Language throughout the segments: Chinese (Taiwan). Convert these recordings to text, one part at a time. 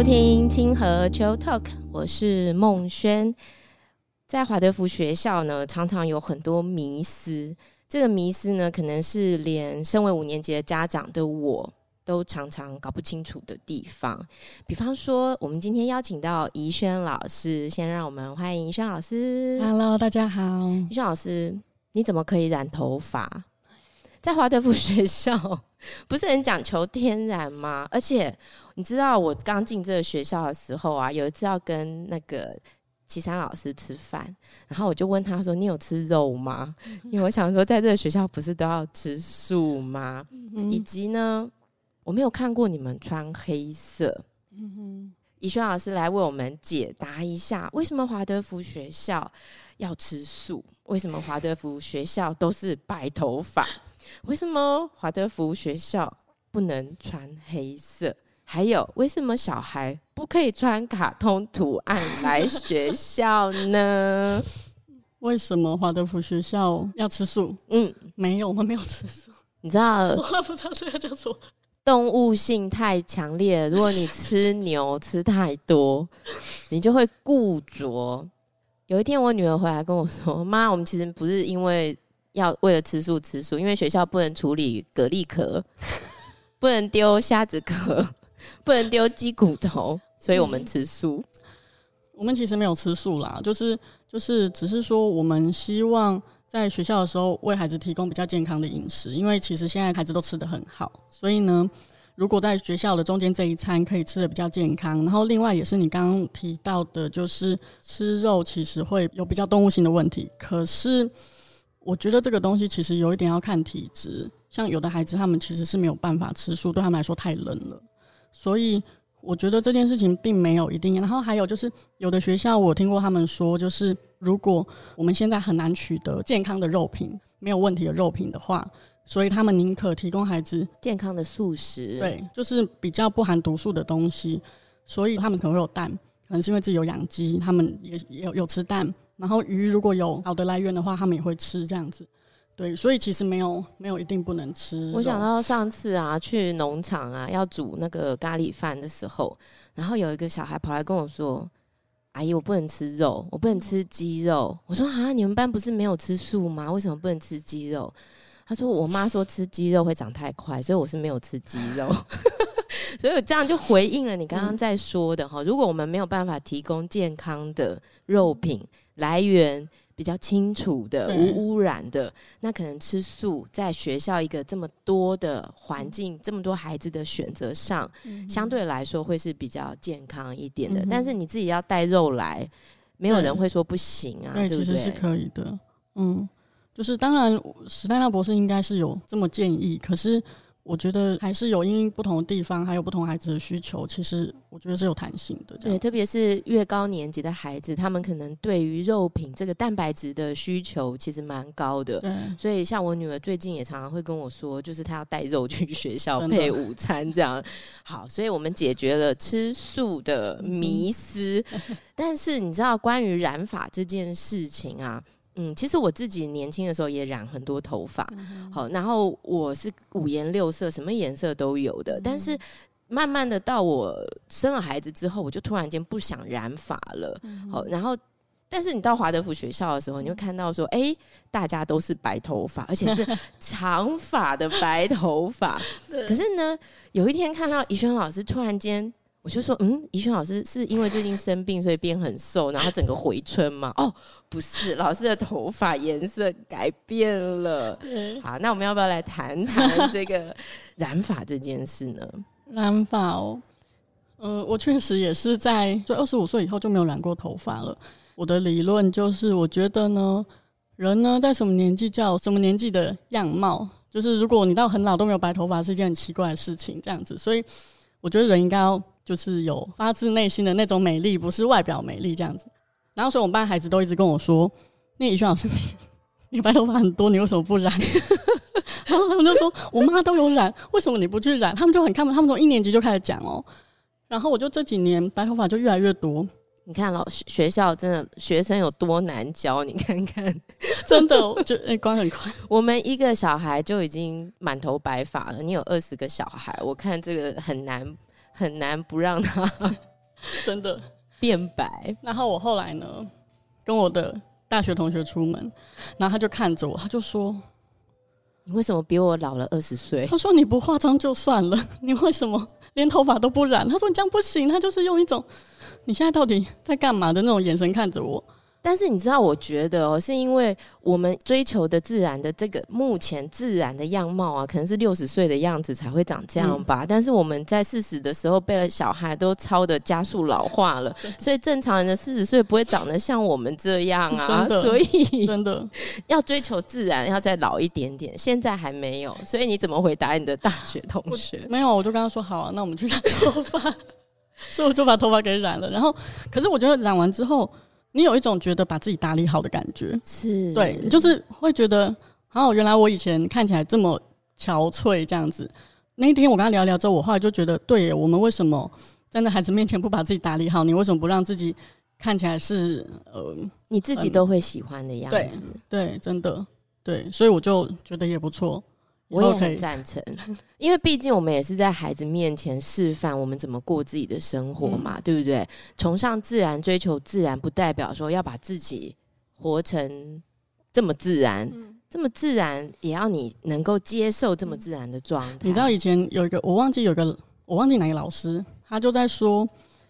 收聽清河 Q Talk，我是夢軒。在華德福學校呢，常常有很多迷思。這個迷思呢，可能是連身為五年級的家長的我都常常搞不清楚的地方。比方說，我們今天邀請到怡軒老師，先讓我們歡迎怡軒老師。Hello，大家好，怡軒老師，你怎麼可以染頭髮？在華德福學校不是很講求天然嗎？而且你知道我剛進這個學校的時候啊，有一次要跟那個齊山老師吃飯，然後我就問他說：“你有吃肉嗎？”因為我想說，在這個學校不是都要吃素嗎？嗯哼，以及呢，我沒有看過你們穿黑色。嗯哼，怡軒老師來為我們解答一下，為什麼華德福學校要吃素？為什麼華德福學校都是白頭髮？為什麼華德福學校不能穿黑色？還有，為什麼小孩不可以穿卡通圖案來學校呢？為什麼華德福學校要吃素？嗯，沒有，我們沒有吃素。你知道？我還不知道這個叫什麼，動物性太強烈，如果你吃牛吃太多，你就會固着。有一天，我女兒回來跟我說：“媽，我們其實不是因為……”要為了吃素吃素，因為學校不能處理蛤蜊殼，不能丟蝦子殼，不能丟雞骨頭，所以我們吃素。嗯。我們其實沒有吃素啦，就是就是只是說，我們希望在學校的時候為孩子提供比較健康的飲食。因為其實現在孩子都吃得很好，所以呢，如果在學校的中間這一餐可以吃得比較健康，然後另外也是你剛剛提到的，就是吃肉其實會有比較動物性的問題，可是。我覺得這個東西其實有一點要看體質，像有的孩子他們其實是沒有辦法吃素，對他們來說太冷了。所以我覺得這件事情並沒有一定。然後還有就是，有的學校我聽過他們說，就是如果我們現在很難取得健康的肉品，沒有問題的肉品的話，所以他們寧可提供孩子健康的素食，對，就是比較不含毒素的東西。所以他們可能會有蛋，可能是因為自己有養雞，他們也有有吃蛋。然後魚如果有好的來源的話，他們也會吃這樣子，對，所以其實沒有沒有一定不能吃。我想到上次啊，去農場啊，要煮那個咖喱飯的時候，然後有一個小孩跑來跟我說：“阿姨，我不能吃肉，我不能吃雞肉。”我說：“啊，你們班不是沒有吃素嗎？為什麼不能吃雞肉？”他說：“我媽說吃雞肉會長太快，所以我是沒有吃雞肉。” 所以這樣就回應了你剛剛在說的哈，如果我們沒有辦法提供健康的肉品來源，比較清楚的、對無污染的，那可能吃素在學校一個這麼多的環境、嗯、這麼多孩子的選擇上，相對來說會是比較健康一點的。嗯、哼但是你自己要帶肉來，沒有人會說不行啊，對,對不對,對？其實是可以的，嗯，就是當然，史丹納博士應該是有這麼建議，可是。我覺得還是有因應不同的地方，還有不同孩子的需求，其實我覺得是有彈性的。對，特別是越高年級的孩子，他們可能對於肉品這個蛋白質的需求其實蠻高的。對所以像我女兒最近也常常會跟我說，就是她要帶肉去學校配的午餐這樣。好，所以我們解決了吃素的迷思，嗯、 但是你知道關於染髮這件事情啊。嗯，其實我自己年輕的時候也染很多頭髮，嗯、哼好，然後我是五顏六色，嗯、什麼顏色都有的。嗯、哼但是慢慢的到我生了孩子之後，我就突然間不想染髮了。嗯、哼好，然後但是你到華德福學校的時候，你就看到說，哎、欸，大家都是白頭髮，而且是長髮的白頭髮。 可是呢，有一天看到怡軒老師突然間。我就說，嗯，怡軒老師是因為最近生病，所以變很瘦，然後整個回春嘛，哦，不是，老師的頭髮顏色改變了。好，那我們要不要來談談這個染髮這件事呢？染髮哦，呃，我確實也是在，就二十五歲以後就沒有染過頭髮了。我的理論就是，我覺得呢，人呢在什麼年紀叫什麼年紀的樣貌，就是如果你到很老都沒有白頭髮，是一件很奇怪的事情。這樣子，所以我覺得人應該要。就是有發自內心的那種美麗，不是外表美麗這樣子。然後，所以我們班孩子都一直跟我說：“那怡軒老師，你，你白頭髮很多，你為什麼不染？” 然後他們就說：“我媽都有染，為什麼你不去染？”他們就很看他們從一年級就開始講哦、喔。然後我就這幾年白頭髮就越來越多。你看老，老學校真的學生有多難教？你看看， 真的，就光、欸、很快我們一個小孩就已經滿頭白髮了，你有二十個小孩，我看這個很難。很難不讓他 真的變白。然後我後來呢，跟我的大學同學出門，然後他就看着我，他就說：“你為什麼比我老了二十歲？”他說：“你不化妝就算了，你為什麼連頭髮都不染？”他說：“你這樣不行。”他就是用一種“你現在到底在幹嘛”的那種眼神看着我。但是你知道，我覺得、喔、是因為我們追求的自然的這個目前自然的樣貌啊，可能是六十歲的樣子才會長這樣吧。嗯、但是我們在四十的時候被小孩都操的加速老化了，真的，所以正常人的四十歲不會長得像我們這樣啊。真的，所以真的要追求自然，要再老一點點。現在還沒有，所以你怎麼回答你的大學同學？沒有，我就跟他說好啊，那我們去染頭髮。 所以我就把頭髮給染了。然後，可是我覺得染完之後。你有一種覺得把自己打理好的感覺，是，對，就是會覺得，哦，原來我以前看起來這麼憔悴，這樣子。那一天我跟他聊聊之後，我後來就覺得，對，我們為什麼站在孩子面前不把自己打理好？你為什麼不讓自己看起來是呃你自己都會喜歡的樣子？呃，對，對，真的，對，所以我就覺得也不錯。我也很贊成，Okay 因為畢竟我們也是在孩子面前示範我們怎麼過自己的生活嘛，嗯、對不對？崇尚自然、追求自然，不代表說要把自己活成這麼自然。嗯、這麼自然也要你能夠接受這麼自然的狀態、嗯。你知道以前有一個我忘記有一個，有個我忘記哪一個老師，他就在說，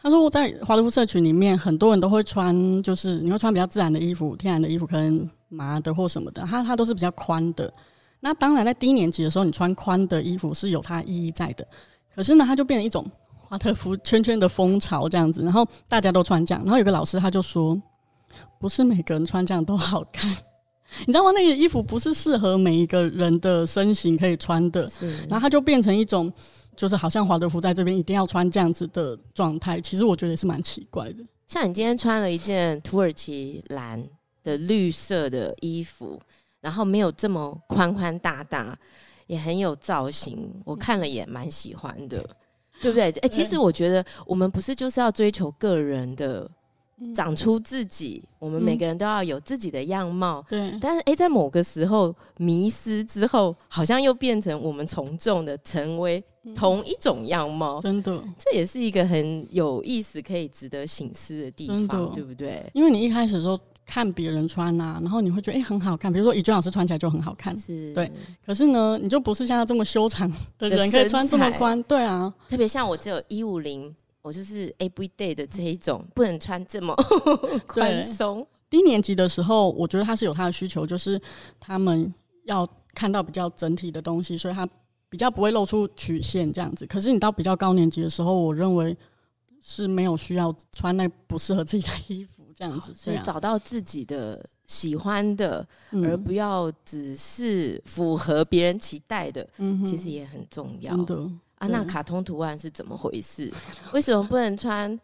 他說，我在華德福社群裡面，很多人都會穿，就是你會穿比較自然的衣服、天然的衣服，跟麻的或什麼的，他他都是比較寬的。那當然，在低年級的時候，你穿寬的衣服是有它的意義在的。可是呢，它就變成一種華德福圈圈的風潮這樣子，然後大家都穿這樣。然後有個老師他就說，不是每個人穿這樣都好看，你知道嗎？那個衣服不是適合每一個人的身形可以穿的。是，然後它就變成一種，就是好像華德福在這邊一定要穿這樣子的狀態。其實我覺得也是蠻奇怪的。像你今天穿了一件土耳其藍的綠色的衣服。然後沒有這麼寬寬大大，也很有造型，我看了也蠻喜歡的， 對不對？哎、欸，對其實我覺得我們不是就是要追求個人的長出自己，嗯、我們每個人都要有自己的樣貌。嗯、對。但是哎、欸，在某個時候迷失之後，好像又變成我們從眾的，成為同一種樣貌。真的，這也是一個很有意思、可以值得省思的地方，的對不對？因為你一開始說。看別人穿啊，然後你會覺得哎、欸、很好看。比如說以俊老師穿起來就很好看，是對。可是呢，你就不是像他這麼修長對對的人，可以穿這麼寬，對啊。特別像我只有一五零，我就是 everyday 的這一種，不能穿這麼寬 鬆。低年級的時候，我覺得他是有他的需求，就是他們要看到比較整體的東西，所以他比較不會露出曲線這樣子。可是你到比較高年級的時候，我認為是沒有需要穿那不適合自己的衣服。這樣子，所以找到自己的、啊、喜歡的，嗯、而不要只是符合別人期待的，嗯、哼其實也很重要。真的啊？對那卡通圖案是怎麼回事？ 為什麼不能穿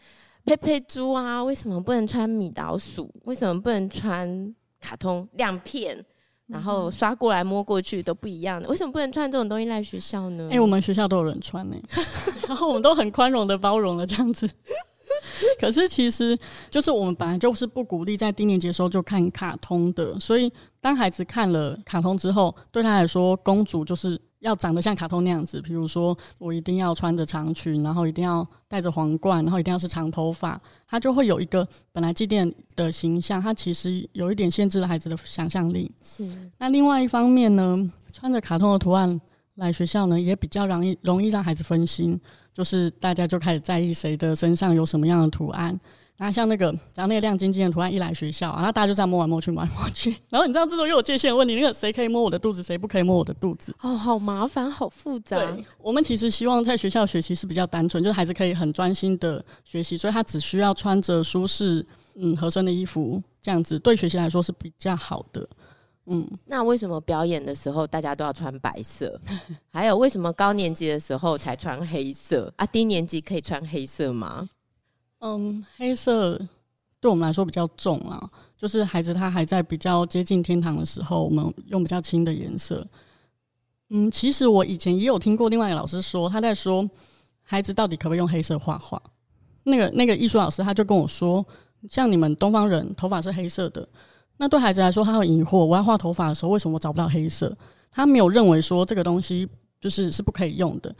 佩佩豬啊？為什麼不能穿米老鼠？為什麼不能穿卡通亮片？然後刷過來摸過去都不一樣的，嗯、哼為什麼不能穿這種東西來學校呢？哎、欸，我們學校都有人穿呢、欸， 然後我們都很寬容的包容了這樣子。可是其實，就是我們本來就是不鼓勵在低年級的時候就看卡通的，所以當孩子看了卡通之後，對他來說，公主就是要長得像卡通那樣子，比如說我一定要穿着長裙，然後一定要戴着皇冠，然後一定要是長頭髮，他就會有一個本來既定的形象，他其實有一點限制了孩子的想象力。是。那另外一方面呢，穿着卡通的圖案。來學校呢，也比較容易容易讓孩子分心，就是大家就開始在意誰的身上有什麼樣的圖案。然後像那個，然後那個亮晶晶的圖案一來學校，然後大家就這樣摸來摸去，摸來摸去。然後你知道這種又有界限的問題，問你那個誰可以摸我的肚子，誰不可以摸我的肚子？哦，好麻煩，好複雜。我們其實希望在學校學習是比較單純，就是孩子可以很專心的學習，所以他只需要穿着舒適、嗯，合身的衣服，這樣子對學習來說是比較好的。嗯，那為什麼表演的時候大家都要穿白色？ 還有為什麼高年級的時候才穿黑色？啊，低年級可以穿黑色嗎？嗯，黑色對我們來說比較重啊，就是孩子他還在比較接近天堂的時候，我們用比較輕的顏色。嗯，其實我以前也有聽過另外一個老師說，他在說孩子到底可不可以用黑色畫畫？那個那個藝術老師他就跟我說，像你們東方人頭髮是黑色的。那對孩子來說，他很疑惑，我要畫頭髮的時候，為什麼我找不到黑色？他沒有認為說這個東西就是是不可以用的。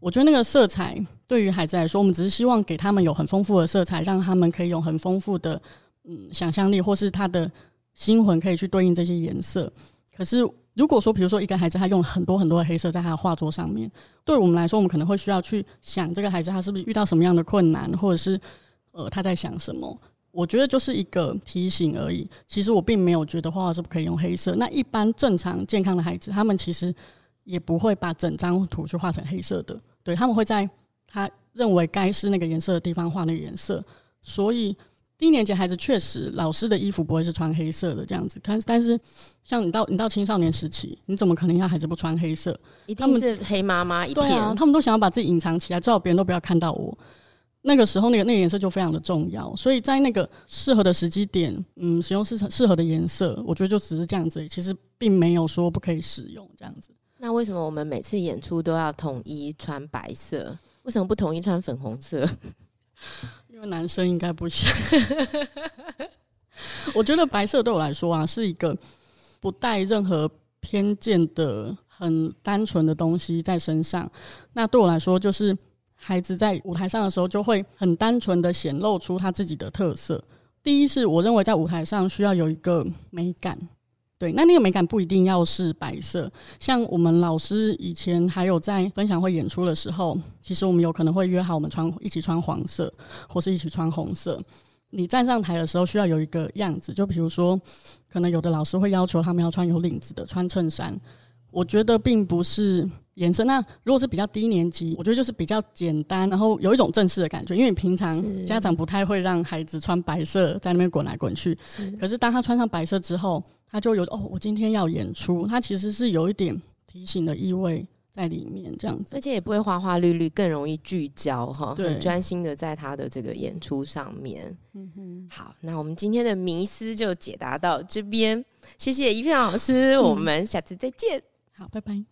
我覺得那個色彩對於孩子來說，我們只是希望給他們有很豐富的色彩，讓他們可以用很豐富的嗯想象力，或是他的心魂可以去對應這些顏色。可是如果說，比如說一個孩子他用很多很多的黑色在他的畫作上面，對我們來說，我們可能會需要去想這個孩子他是不是遇到什麼樣的困難，或者是呃他在想什麼。我覺得就是一個提醒而已。其實我並沒有覺得畫畫是不可以用黑色。那一般正常健康的孩子，他們其實也不會把整張圖去畫成黑色的。對，他們會在他認為該是那個顏色的地方畫那個顏色。所以低年級孩子確實，老師的衣服不會是穿黑色的這樣子。但但是，像你到你到青少年時期，你怎麼可能讓孩子不穿黑色？一定是黑媽媽一點，對啊，他們都想要把自己隱藏起來，最好別人都不要看到我。那個時候、那個，那個那個顏色就非常的重要，所以在那個適合的時機點，嗯，使用適合適合的顏色，我覺得就只是這樣子，其實並沒有說不可以使用這樣子。那為什麼我們每次演出都要統一穿白色？為什麼不同意穿粉紅色？因為男生應該不行。 我覺得白色對我來說啊，是一個不帶任何偏見的、很單純的東西在身上。那對我來說就是。孩子在舞台上的時候，就會很單純的顯露出他自己的特色。第一是，我認為在舞台上需要有一個美感，對，那那個美感不一定要是白色。像我們老師以前還有在分享會演出的時候，其實我們有可能會約好我們穿一起穿黃色，或是一起穿紅色。你站上台的時候需要有一個樣子，就比如說，可能有的老師會要求他們要穿有領子的穿襯衫。我覺得並不是顏色。那如果是比較低年級，我覺得就是比較簡單，然後有一種正式的感覺，因為平常家長不太會讓孩子穿白色在那邊滾來滾去。是。可是當他穿上白色之後，他就有哦，我今天要演出，他其實是有一點提醒的意味在裡面，這樣子。而且也不會花花綠綠，更容易聚焦哈，對很專心的在他的這個演出上面。嗯嗯哼。好，那我們今天的迷思就解答到這邊，謝謝怡軒老師，嗯、我們下次再見。好，拜拜。